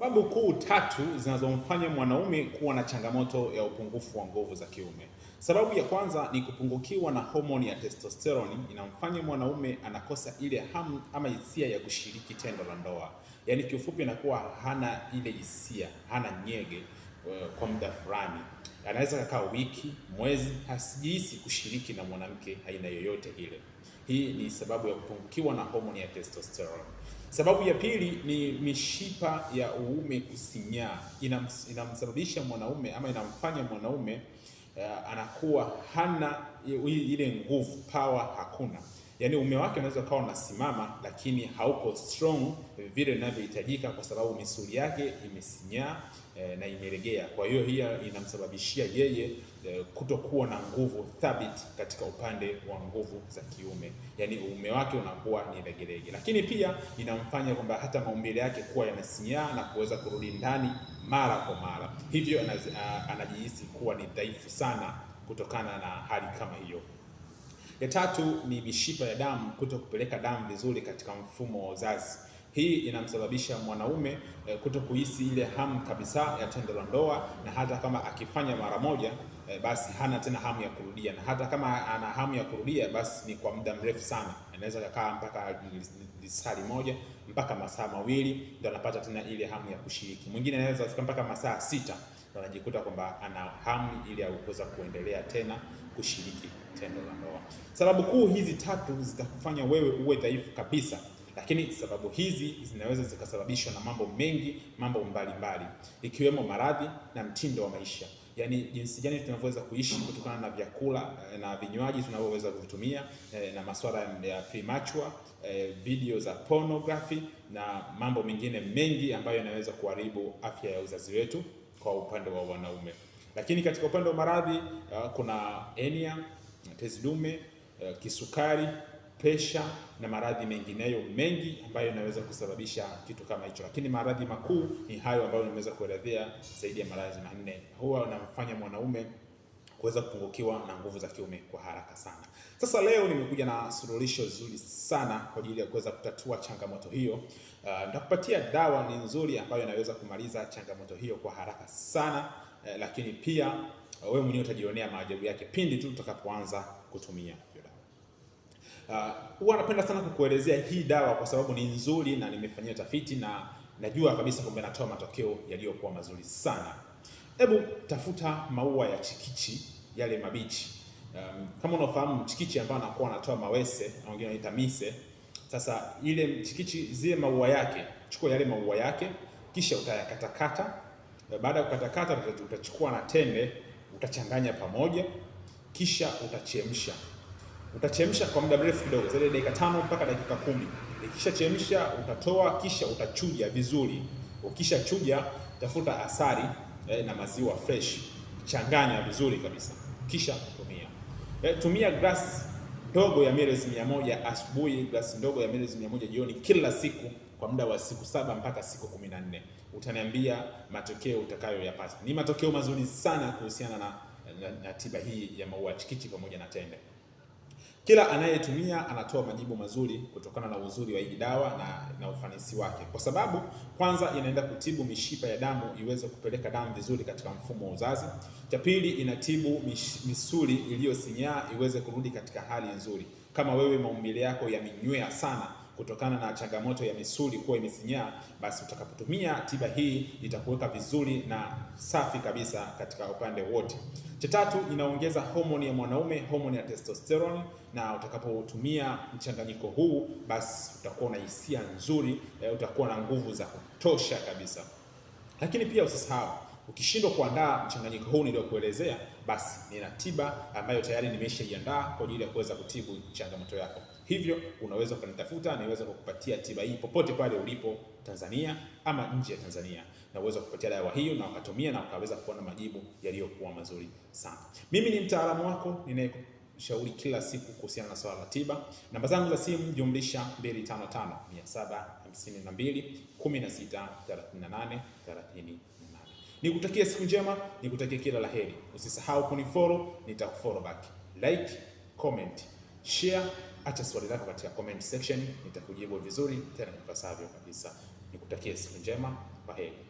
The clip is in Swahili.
Sababu kuu tatu zinazomfanya mwanaume kuwa na changamoto ya upungufu wa nguvu za kiume. Sababu ya kwanza ni kupungukiwa na homoni ya testosterone, inamfanya mwanaume anakosa ile hamu ama hisia ya kushiriki tendo la ndoa, yaani kiufupi anakuwa hana ile hisia, hana nyege eh, kwa muda fulani, anaweza kakaa wiki, mwezi, hasijihisi kushiriki na mwanamke aina yoyote ile. Hii ni sababu ya kupungukiwa na homoni ya testosterone. Sababu ya pili ni mishipa ya uume kusinyaa. Inamsababisha mwanaume ama inamfanya mwanaume uh, anakuwa hana ile nguvu, power hakuna, yaani uume wake unaweza ukawa unasimama, lakini hauko strong vile inavyohitajika, kwa sababu misuli yake imesinyaa e, na imeregea Kwa hiyo hiyo inamsababishia yeye e, kutokuwa na nguvu thabiti katika upande wa nguvu za kiume, yaani uume wake unakuwa ni legelege, lakini pia inamfanya kwamba hata maumbile yake kuwa yanasinyaa na kuweza kurudi ndani mara kwa mara, hivyo anajihisi kuwa ni dhaifu sana kutokana na hali kama hiyo. Ya tatu ni mishipa ya damu kuto kupeleka damu vizuri katika mfumo wa uzazi. Hii inamsababisha mwanaume e, eh, kuto kuhisi ile hamu kabisa ya tendo la ndoa, na hata kama akifanya mara moja e, basi hana tena hamu ya kurudia, na hata kama ana hamu ya kurudia, basi ni kwa muda mrefu sana, anaweza kukaa mpaka lisali moja mpaka masaa mawili ndio anapata tena ile hamu ya kushiriki. Mwingine anaweza kufika mpaka masaa sita ndio anajikuta kwamba ana hamu ile ya kuweza kuendelea tena kushiriki tendo la ndoa. Sababu kuu hizi tatu zitakufanya wewe uwe dhaifu kabisa lakini sababu hizi zinaweza zikasababishwa na mambo mengi, mambo mbalimbali, ikiwemo maradhi na mtindo wa maisha, yaani jinsi gani tunavyoweza kuishi kutokana na vyakula eh, na vinywaji tunavyoweza kuvitumia eh, na masuala ya premature, eh, video za pornography na mambo mengine mengi ambayo yanaweza kuharibu afya ya uzazi wetu kwa upande wa wanaume. Lakini katika upande wa maradhi kuna enia, tezi dume, kisukari presha na maradhi mengineyo mengi ambayo yanaweza kusababisha kitu kama hicho, lakini maradhi makuu ni hayo ambayo nimeweza kuelezea zaidi ya maradhi manne, huwa anamfanya mwanaume kuweza kupungukiwa na nguvu za kiume kwa haraka sana. Sasa leo nimekuja na suluhisho zuri sana kwa ajili ya kuweza kutatua changamoto hiyo. Uh, nitakupatia dawa ni nzuri ambayo inaweza kumaliza changamoto hiyo kwa haraka sana uh, lakini pia ah, wewe mwenyewe utajionea maajabu yake pindi tu tutakapoanza kutumia. Uh, huwa uh, napenda sana kukuelezea hii dawa kwa sababu ni nzuri na nimefanyia tafiti na najua kabisa kwamba inatoa matokeo yaliyokuwa mazuri sana. Hebu tafuta maua ya chikichi yale mabichi. Um, kama unafahamu mchikichi ambayo anakuwa anatoa mawese na wengine wanaita mise. Sasa ile mchikichi, zile maua yake, chukua yale maua yake, kisha utayakatakata. Baada ya kukatakata, utachukua na tende, utachanganya pamoja, kisha utachemsha utachemsha kwa muda mrefu kidogo, zaidi ya dakika tano mpaka dakika kumi. chemsha utatoa, kisha utachuja vizuri. Ukisha chuja tafuta asali eh, na maziwa fresh, changanya vizuri kabisa, kisha tumia. Eh, tumia glass ndogo ya mililita mia moja asubuhi, glass ndogo ya mililita mia moja jioni, kila siku kwa muda wa siku saba mpaka siku kumi na nne. Utaniambia matokeo utakayoyapata. Ni matokeo mazuri sana kuhusiana na, na, na tiba hii ya maua chikichi pamoja na tende. Kila anayetumia anatoa majibu mazuri kutokana na uzuri wa hii dawa na, na ufanisi wake, kwa sababu kwanza inaenda kutibu mishipa ya damu iweze kupeleka damu vizuri katika mfumo wa uzazi. Cha pili, inatibu misuli iliyosinyaa iweze kurudi katika hali nzuri. Kama wewe maumbile yako yamenywea sana kutokana na changamoto ya misuli kuwa imesinyaa, basi utakapotumia tiba hii itakuweka vizuri na safi kabisa katika upande wote. Cha tatu, inaongeza homoni ya mwanaume, homoni ya testosterone, na utakapotumia mchanganyiko huu basi utakuwa na hisia nzuri, e, utakuwa na nguvu za kutosha kabisa. Lakini pia usisahau ukishindwa kuandaa mchanganyiko huu niliokuelezea, basi nina tiba ambayo tayari nimeshaiandaa kwa ajili ya kuweza kutibu changamoto yako. Hivyo unaweza ukanitafuta, niweza kukupatia tiba hii popote pale ulipo Tanzania ama nje ya Tanzania, na uweza kupatia dawa hiyo na ukatumia na ukaweza kuona majibu yaliyokuwa mazuri sana. Mimi ni mtaalamu wako ninayekushauri kila siku kuhusiana na swala la tiba. Namba zangu za simu jumlisha 255 752 16 38 38. Nikutakia siku njema, nikutakia kila la heri. Usisahau kunifollow, nitakufollow back. Like, comment, share acha swali lako katika comment section, nitakujibu vizuri tena ipasavyo kabisa. Nikutakie siku njema, kwa heri.